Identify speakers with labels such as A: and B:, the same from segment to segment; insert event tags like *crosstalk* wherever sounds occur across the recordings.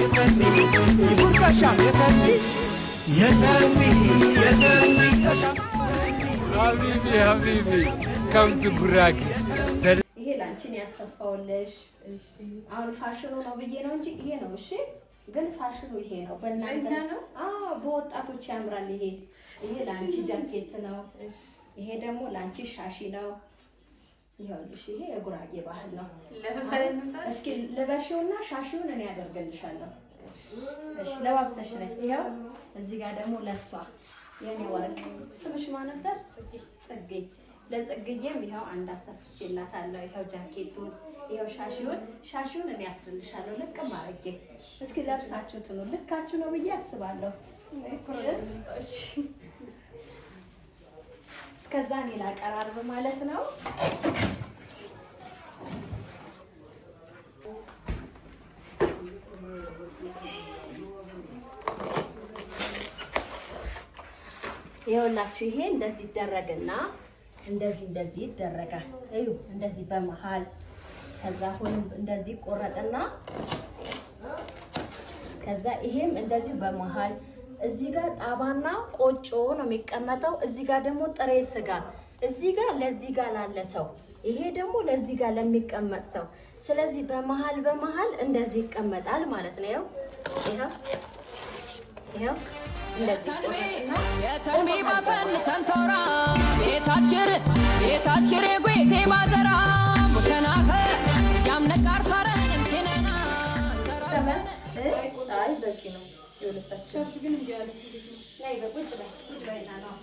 A: ሀቢቢ
B: ጉራጌ
C: ይሄ ላንቺን ያሰፋውልሽ። አሁን ፋሽኑ ነው ብዬ ነው እንጂ ይሄ ነው። እሺ ግን ፋሽኑ ይሄ ነው። በእናንተ በወጣቶች ያምራል። ይሄ ይሄ ላንቺ ጃኬት ነው። ይሄ ደግሞ ላንቺ ሻሺ ነው። ይኸውልሽ ይሄ የጉራጌ ባህል ነው። እስኪ ልበሽውና ሻሽውን እኔ ያደርግልሻለሁ። እሺ ለባብሰሽ ነይ። ይኸው እዚህ ጋር ደግሞ ለሷ የኔ ወርቅ ስምሽ ማን ነበር? ጽጌ። ለጽጌዬም ይኸው አንድ አሰፍቼላታለሁ። ይኸው ጃኬቱን፣ ይኸው ሻሽውን። ሻሽውን እኔ ያስርልሻለሁ ልቅም አድርጌ። እስኪ ለብሳችሁት ነው ልካችሁ ነው ብዬ
D: አስባለሁ። እሺ
C: እስከዛ እኔ ላቀራርብ ማለት ነው። ይኸውላችሁ ይሄ እንደዚህ ይደረግና እንደዚህ እንደዚህ ይደረጋል። እዩ እንደዚህ በመሃል ከዛ ሁሉም እንደዚህ ቆረጥና ከዛ ይሄም እንደዚሁ በመሃል እዚህ ጋር ጣባና ቆጮ ነው የሚቀመጠው። እዚህ ጋር ደግሞ ጥሬ ስጋ እዚህ ጋር ለዚህ ጋር ላለ ሰው፣ ይሄ ደግሞ ለዚህ ጋር ለሚቀመጥ ሰው። ስለዚህ በመሀል በመሀል እንደዚህ ይቀመጣል ማለት ነው። ይኸው ይኸው
A: በቂ
D: ነው። Öyle saçma. Çarşı günü mü geldi?
C: Neydi? bu Bıçıda inan al.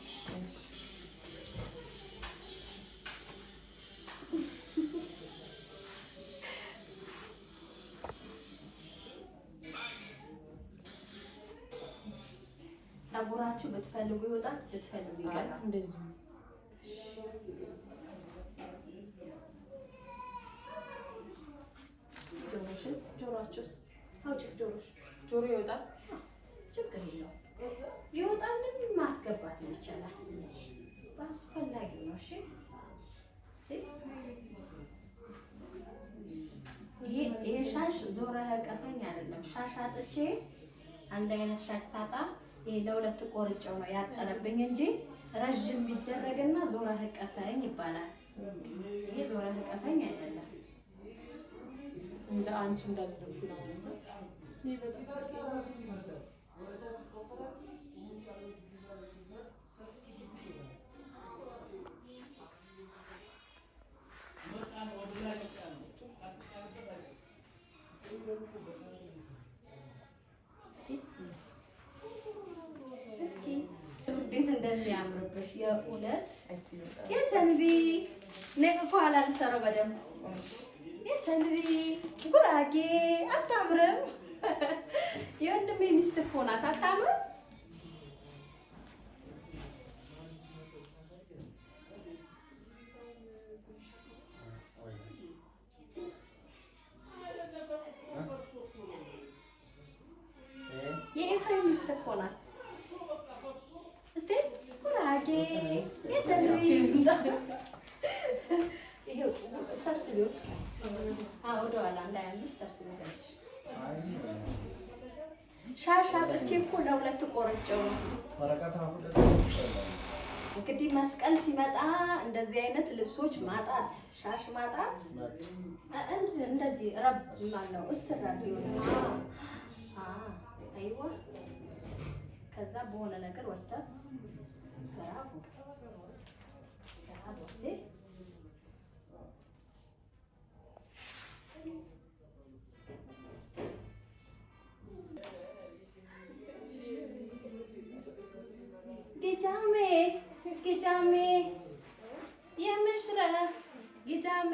C: ጸጉራችሁ ብትፈልጉ ይወጣል፣
D: ብትፈልጉ ይገባል። እንደዚህ
C: ጆሮሽ ጆሮችሁ ጆሮ ይወጣል። ችግር የለውም። ይወጣልን ማስገባት ይቻላል። አስፈላጊ ነው። እሺ ይሄ ሻሽ ዞረ ቀፈኝ አይደለም። ሻሽ አጥቼ አንድ አይነት ሻሽ ሳጣ ይሄ ለሁለት ቆርጬው ነው ያጠረብኝ እንጂ ረዥም የሚደረግና ዞረህ ቀፈኝ ይባላል። ይሄ ዞረ ቀፈኝ አይደለም። እንደ አንቺ እንዳልደርሽ ነው እስኪ እንዴት እንደሚያምርብሽ የእውነት የተንቢ ነቅ ከኋላ ልሰራው በደንብ የተንቢ ጉራጌ አታምርም? የወንድሜ ሚስት እኮ ናት። አታምርም እኮ ናት። እስቲ ጉራጌ ሰብስቤውስ ወደኋላ እንዳያምሽ ሰብስቤ ሻሽ አጥቼ እኮ ለሁለት ቆርጬው እንግዲህ መስቀል ሲመጣ እንደዚህ አይነት ልብሶች ማጣት ሻሽ ማጣት እንደዚህ ረብ ማነው እስራብ ይሆናል። ከዛ በሆነ ነገር ወጥተህ ገራፉ ገራፍ ወስዴ ግጃሜ ግጃሜ የምሽረ ግጃሜ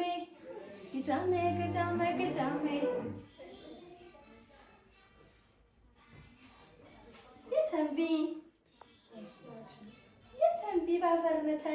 C: ግጃሜ ግጃሜ ግጃሜ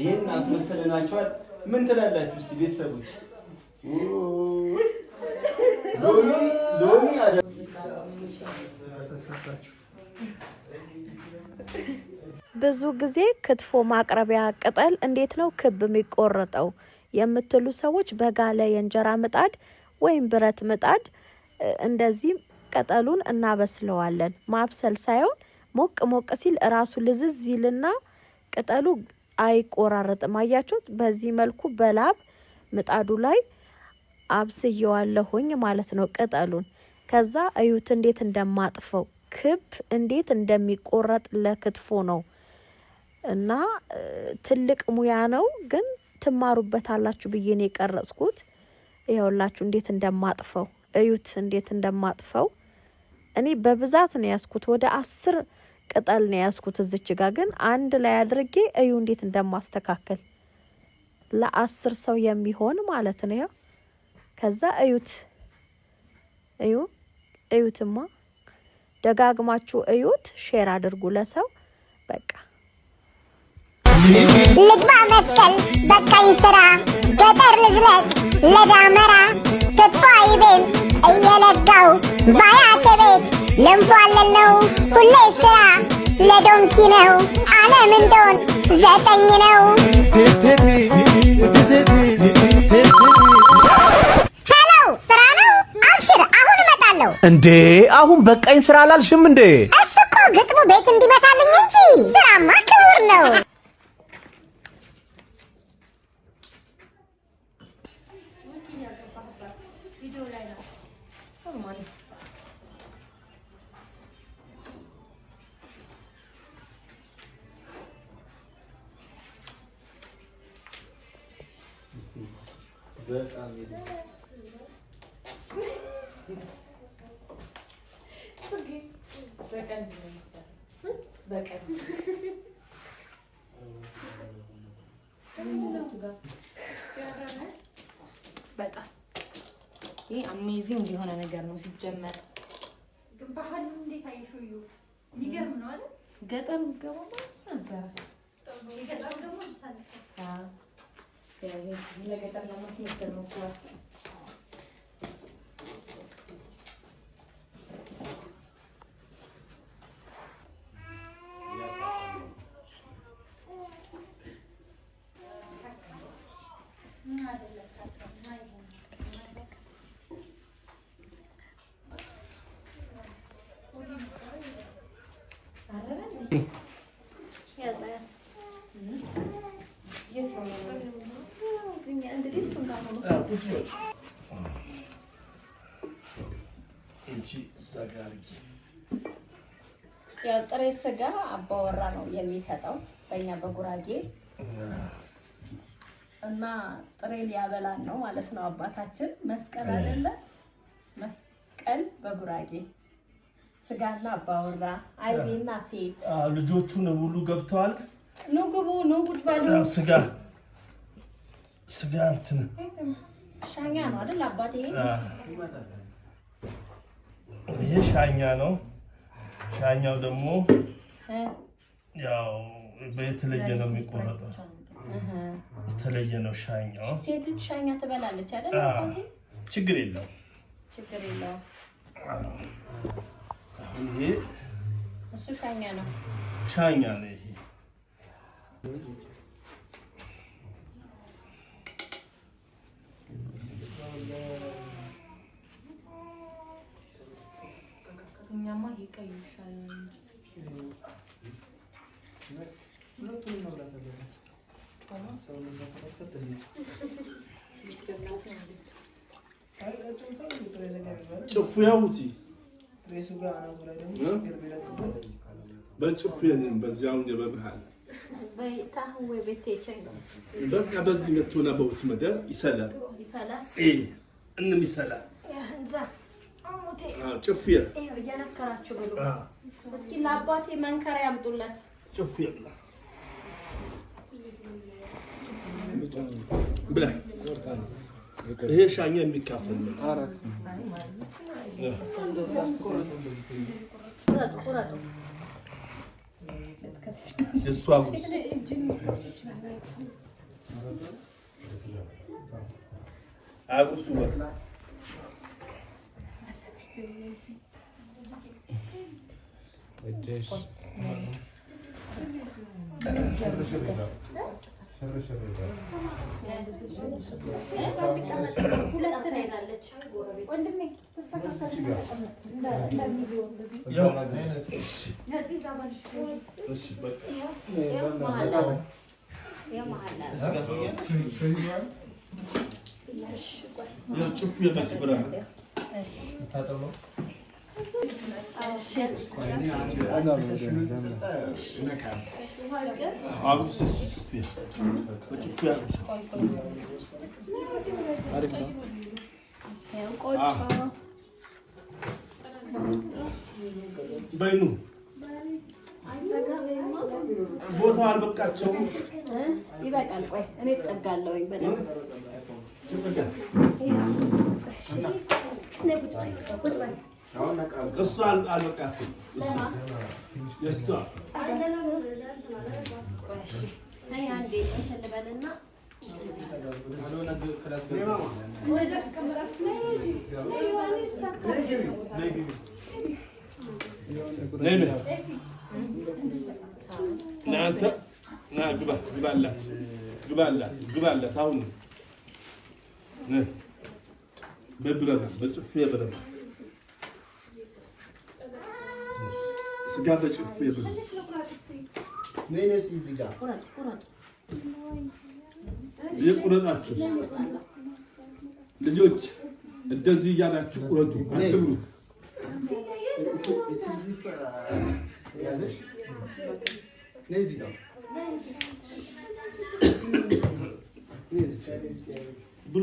B: ይሄን አስመሰለናችኋል። ምን ትላላችሁ እስቲ ቤተሰቦች? ሎሚ ሎሚ
C: ብዙ ጊዜ ክትፎ ማቅረቢያ ቅጠል እንዴት ነው ክብ የሚቆረጠው የምትሉ ሰዎች በጋለ የእንጀራ ምጣድ ወይም ብረት ምጣድ እንደዚህ ቅጠሉን እናበስለዋለን። ማብሰል ሳይሆን ሞቅ ሞቅ ሲል እራሱ ልዝዝ ይልና ቅጠሉ አይቆራረጥም። አያችሁት? በዚህ መልኩ በላብ ምጣዱ ላይ አብስየዋለሁኝ ማለት ነው ቅጠሉን። ከዛ እዩት እንዴት እንደማጥፈው ክብ እንዴት እንደሚቆረጥ ለክትፎ ነው እና ትልቅ ሙያ ነው፣ ግን ትማሩበታላችሁ ብዬ ነው የቀረጽኩት። ይኸውላችሁ እንዴት እንደማጥፈው እዩት፣ እንዴት እንደማጥፈው እኔ በብዛት ነው ያስኩት ወደ አስር ቅጠል ነው የያዝኩት። እዚች ጋ ግን አንድ ላይ አድርጌ እዩ እንዴት እንደማስተካከል ለአስር ሰው የሚሆን ማለት ነው። ያው ከዛ እዩት እዩ እዩትማ ደጋግማችሁ እዩት፣ ሼር አድርጉ ለሰው በቃ
A: ልግባ መስቀል በቃኝ ስራ ገጠር ልዝለቅ ለዳመራ ክትፎ አይቤን እየለጋው ባያት ቤት ለንፏለን ነው ሁሌ ስራ ለዶንኪ ነው አለም እንደሆን ዘጠኝ ነው። ሄሎ ስራ ነው። አብሽር
B: አሁን እመጣለሁ። እንዴ አሁን በቃኝ ስራ አላልሽም እንዴ?
A: እሱ እኮ ግጥሙ ቤት እንዲመታልኝ እንጂ ስራማ ክቡር ነው።
D: በጣም ይሄ አሜዚንግ የሆነ ነገር ነው። ሲጀመር
C: ባህሉ እንዴት አየሽው? የሚገርም
D: ነው አይደል? ገጠር ገባ ገጠሩ ደግሞ ለገጠር ነው
C: ያው ጥሬ ስጋ አባወራ ነው የሚሰጠው በእኛ በጉራጌ እና ጥሬ ሊያበላን ነው ማለት ነው። አባታችን መስቀል አይደለ? መስቀል በጉራጌ ስጋና አባወራ አይቤና
B: ሴት ልጆቹን ሁሉ
C: ገብተዋል። ኑ ግቡ፣ ኑ ጉድ በሉ
B: ስጋ ስጋ እንትን
C: ሻኛ ነው አይደል? አባቴ
B: ይሄ ሻኛ ነው። ሻኛው ደግሞ ያው በየተለየ ነው የሚቆረጠው። የተለየ ነው
C: ሻኛው። ሴት ልጅ ሻኛ ትበላለች አይደል? ችግር የለው፣ ችግር የለው። ይሄ እሱ ሻኛ ነው፣
B: ሻኛ ነው ይሄ
C: እኛማ ይሄ
B: ጭፉ ያውቲ በጭፉ የለም። በዚህ አሁን በመሃል በዚህ መቶና በውት መደር
C: ይሰላል ይሰላል እንሚሰላ ጭፍያ እየነከራችሁ ብሎ እስኪ ለአባቴ መንከር ያምጡለት።
B: ጭፍያ ይሄ ሻኛ የሚካፈል ነው። አጉሱ በይኑ ቦታው አልበቃቸውም።
C: ይበቃል። ቆይ እኔ እጠጋለሁኝ
B: እሱ አልበቃትም። ግባላት ግባላት ግባላት አሁን Ne? Ben bilemem. Ben fıya bilemem. Sigara da çıkıp fıya bilemem. Ne
C: ne sigara? Kurat, kurat.
B: Niye kurat açıyorsun? ልጆች እንደዚህ እያላችሁ ቁረጡ፣ አትብሉት። ብሉ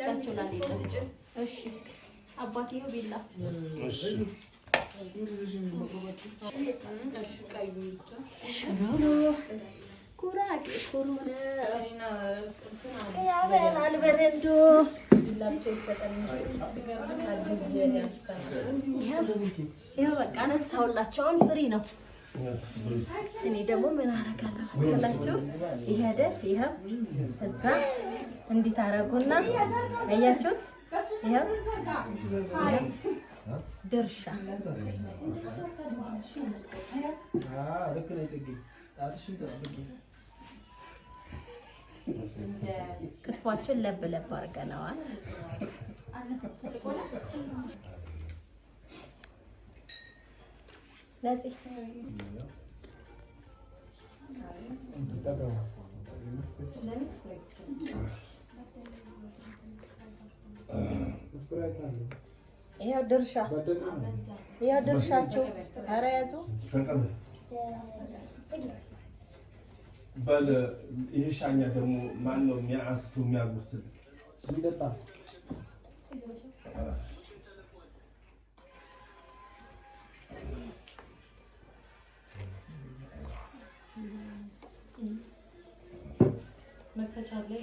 C: እጃቸው ላይ እሺ፣ አባቴው
B: ቢላ ይኸው
C: በቃ ነሳሁላቸውን ፍሪ ነው። እኔ ደግሞ ምን አደርጋለሁ መሰላችሁ? ይሄ አይደል ይኸው እዛ እንዲህ ታረጉና አያችሁት? ይሄው ድርሻ ክትፏችን ለብ ለብ አድርገነዋል። ለዚህ ይሄው ድርሻ ይሄው ድርሻቸው። ኧረ ያዙ
B: በል። ይሄ ሻኛ ደግሞ ማን ነው የሚያስቱ የሚያጎስል?
D: መክፈቻ ላይ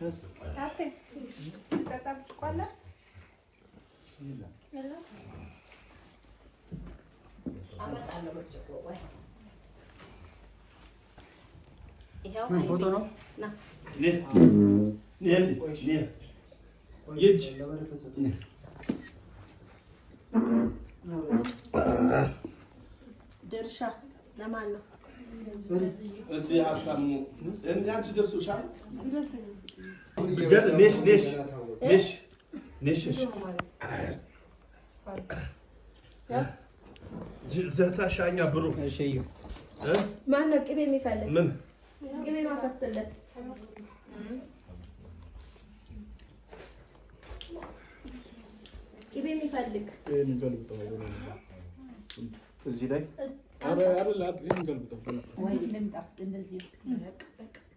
C: ፎቶ ነው። ድርሻ ለማን ነው?
B: እዚህ ነሽ ነሽ ነሽ ነሽ ዘታሻኛ ብሩ
C: ማነው ቅቤ የሚፈልግ? ምን ቅቤ ማታስለት ቅቤ የሚፈልግ
B: እዚህ ላይ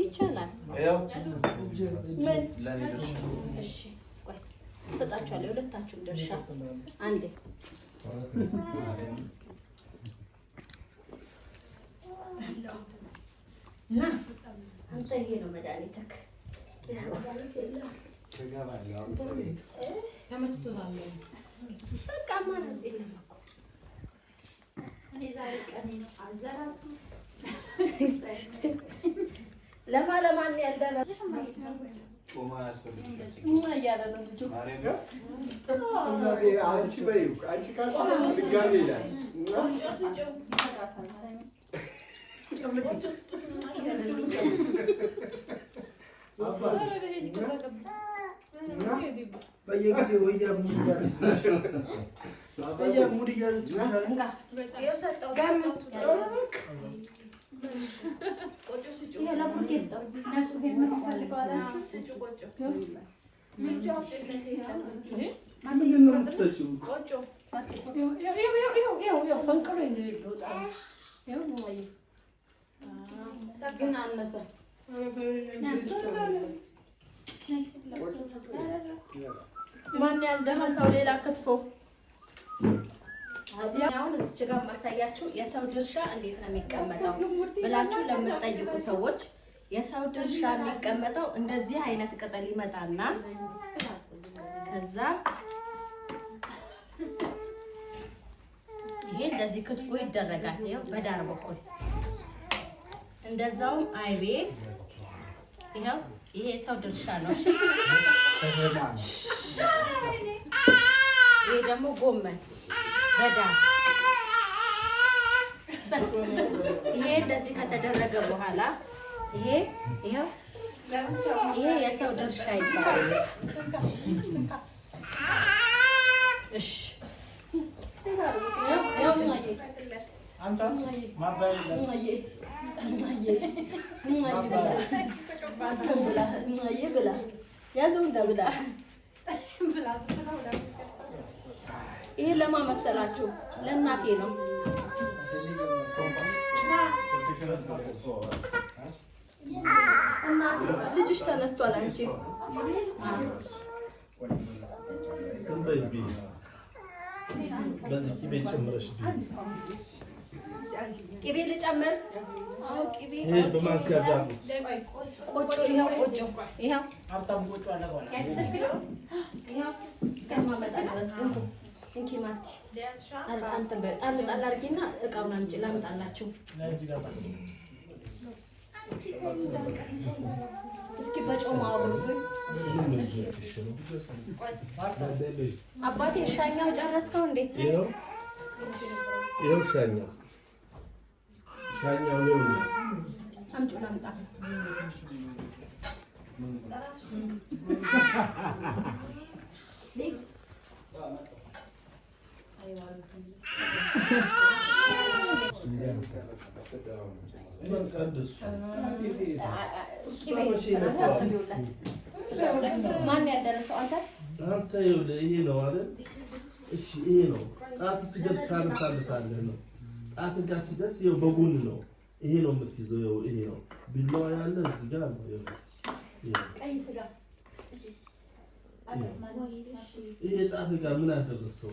B: ይቻላል። ምን
C: እሺ፣ ቆይ እሰጣችኋለሁ። የሁለታችሁም ድርሻ አንዴ አንተ ይሄ ነው መድኃኒትህ። በቃ አማራጭ የለም እኮ እኔ ዛሬ ቀኔ ነው። ለማ ለማን
B: ጮማ ነው
C: ልጁ። ሙድ እያለች ማን ያልደሀ ሰው ሌላ ክትፎ አሁን እዚች ጋር ማሳያችሁ የሰው ድርሻ እንዴት ነው የሚቀመጠው ብላችሁ ለምትጠይቁ ሰዎች የሰው ድርሻ የሚቀመጠው እንደዚህ አይነት ቅጠል ይመጣና ከዛ ይሄ እንደዚህ ክትፎ ይደረጋል። ይኸው በዳር በኩል እንደዛውም አይቤ ይኸው ይሄ የሰው ድርሻ ነው። ይሄ ደግሞ ጎመን በዳር ይሄ እንደዚህ ከተደረገ በኋላ ይሄ ይሄ የሰው ድርሻ ይባላል። እሺ ብላ ያዘው እንደ ብላ ይሄ ለማ መሰላችሁ? ለእናቴ ነው። ልጅሽ ተነስቷል። አንቺ ቅቤ ልጨምር? ቆጮ ይኸው፣ ቆጮ ይኸው እንኪ ማርቲ ጣል ጣል አድርጊና እቃውን አምጪ ላምጣላችሁ። እስኪ በጮማ አባቴ። ሻኛው ጨረስከው
B: እንዴ? ይኸው ሻኛው ሻኛው ነው።
C: አምጪ ላምጣ *laughs* ማን ያደረሰው?
B: አንተ ነው ጣት ሲደርስ ታነሳልታለህ ነው። ጣት ጋር ሲደርስ ይኸው በጎን ነው። ይሄ ነው የምትይዘው። ይኸው ይሄ ነው ቢላዋ ያለ እዚህ ጋር ነው። ይሄ ጣት ጋር ምን አደረሰው?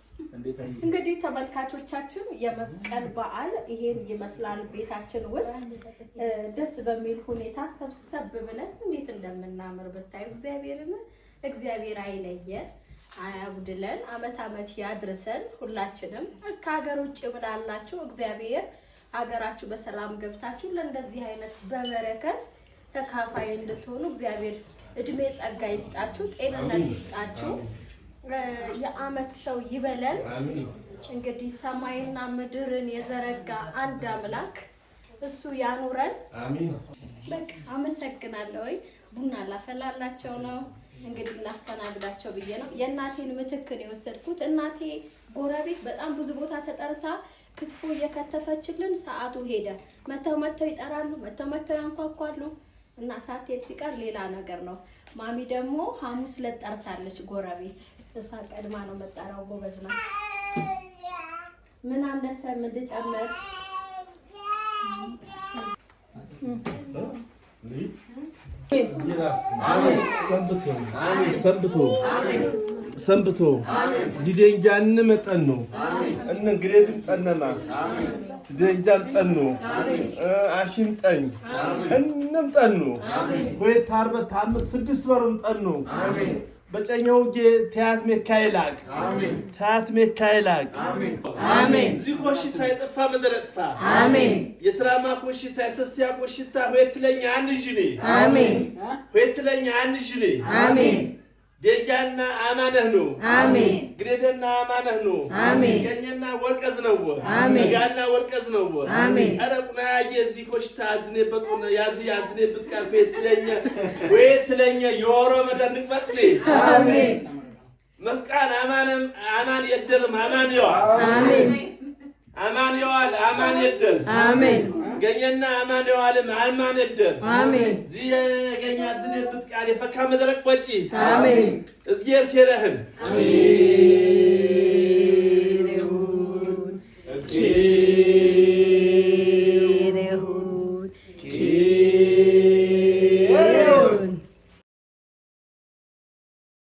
C: እንግዲህ ተመልካቾቻችን የመስቀል በዓል ይሄን ይመስላል። ቤታችን ውስጥ ደስ በሚል ሁኔታ ሰብሰብ ብለን እንዴት እንደምናምር ብታዩ። እግዚአብሔርን እግዚአብሔር አይለየን አያጉድለን አመት አመት ያድርሰን። ሁላችንም ከሀገር ውጭ እግዚአብሔር ሀገራችሁ በሰላም ገብታችሁ ለእንደዚህ አይነት በበረከት ተካፋይ እንድትሆኑ እግዚአብሔር እድሜ ጸጋ ይስጣችሁ፣ ጤንነት ይስጣችሁ። የአመት ሰው ይበለን። እንግዲህ ሰማይና ምድርን የዘረጋ አንድ አምላክ እሱ ያኑረን። በቃ አመሰግናለሁ። ቡና ላፈላላቸው ነው እንግዲህ ላስተናግዳቸው ብዬ ነው የእናቴን ምትክን የወሰድኩት። እናቴ ጎረቤት በጣም ብዙ ቦታ ተጠርታ ክትፎ እየከተፈችልን ሰዓቱ ሄደ። መተው መተው ይጠራሉ፣ መተው መተው ያንኳኳሉ እና ሳትሄድ ሲቀር ሌላ ነገር ነው። ማሚ ደግሞ ሐሙስ ዕለት ጠርታለች ጎረቤት። እሷ ቀድማ ነው መጠራው። ጎበዝ ናት። ምን አነሰ? ምን ልጨምር?
B: ሰንብቶ ሰንብቶ ዚደንጃን መጠን ነው እነ ጠነና አሜን ደጃን ጠኑ አሽን ጠኝ እንም ጠኑ ወይ ታርበት ታምስ ስድስት በርም ጠኑ በጨኛው ጌ ተያት ሜካይላቅ አሜን ተያት ሜካይላቅ አሜን ዚኮ ሽታ የጠፋ መደረጥፋ አሜን የትራማ ኮሽታ የሰስቲያ ኮሽታ ለኛ አንጅኔ አሜን ሁለት ለኛ አንጅኔ አሜን ደጃና አማነህ ነው። አሜን። ግሬደና አማነህ ነው። አሜን። ገኘና ወርቀዝ ነው። አሜን። ጋና ወርቀዝ ነው። አሜን። አረቁና የዚ ኮሽታ አድኔ በጦነ ያዚ አድኔ ብትካል ቤት ለኛ ወይ ትለኛ የወሮ መደር ንቅፈጥኔ አሜን። መስቃን አማንም አማን የደርም አማን ይዋል አሜን። አማን ይዋል አማን የደር አሜን ገኘና አማን የዋልም አማን እድር አሜን ዚህ ገኛ ድንብት ቃል የፈካ መድረቅ ወጪ አሜን እዝጌር ኬረህም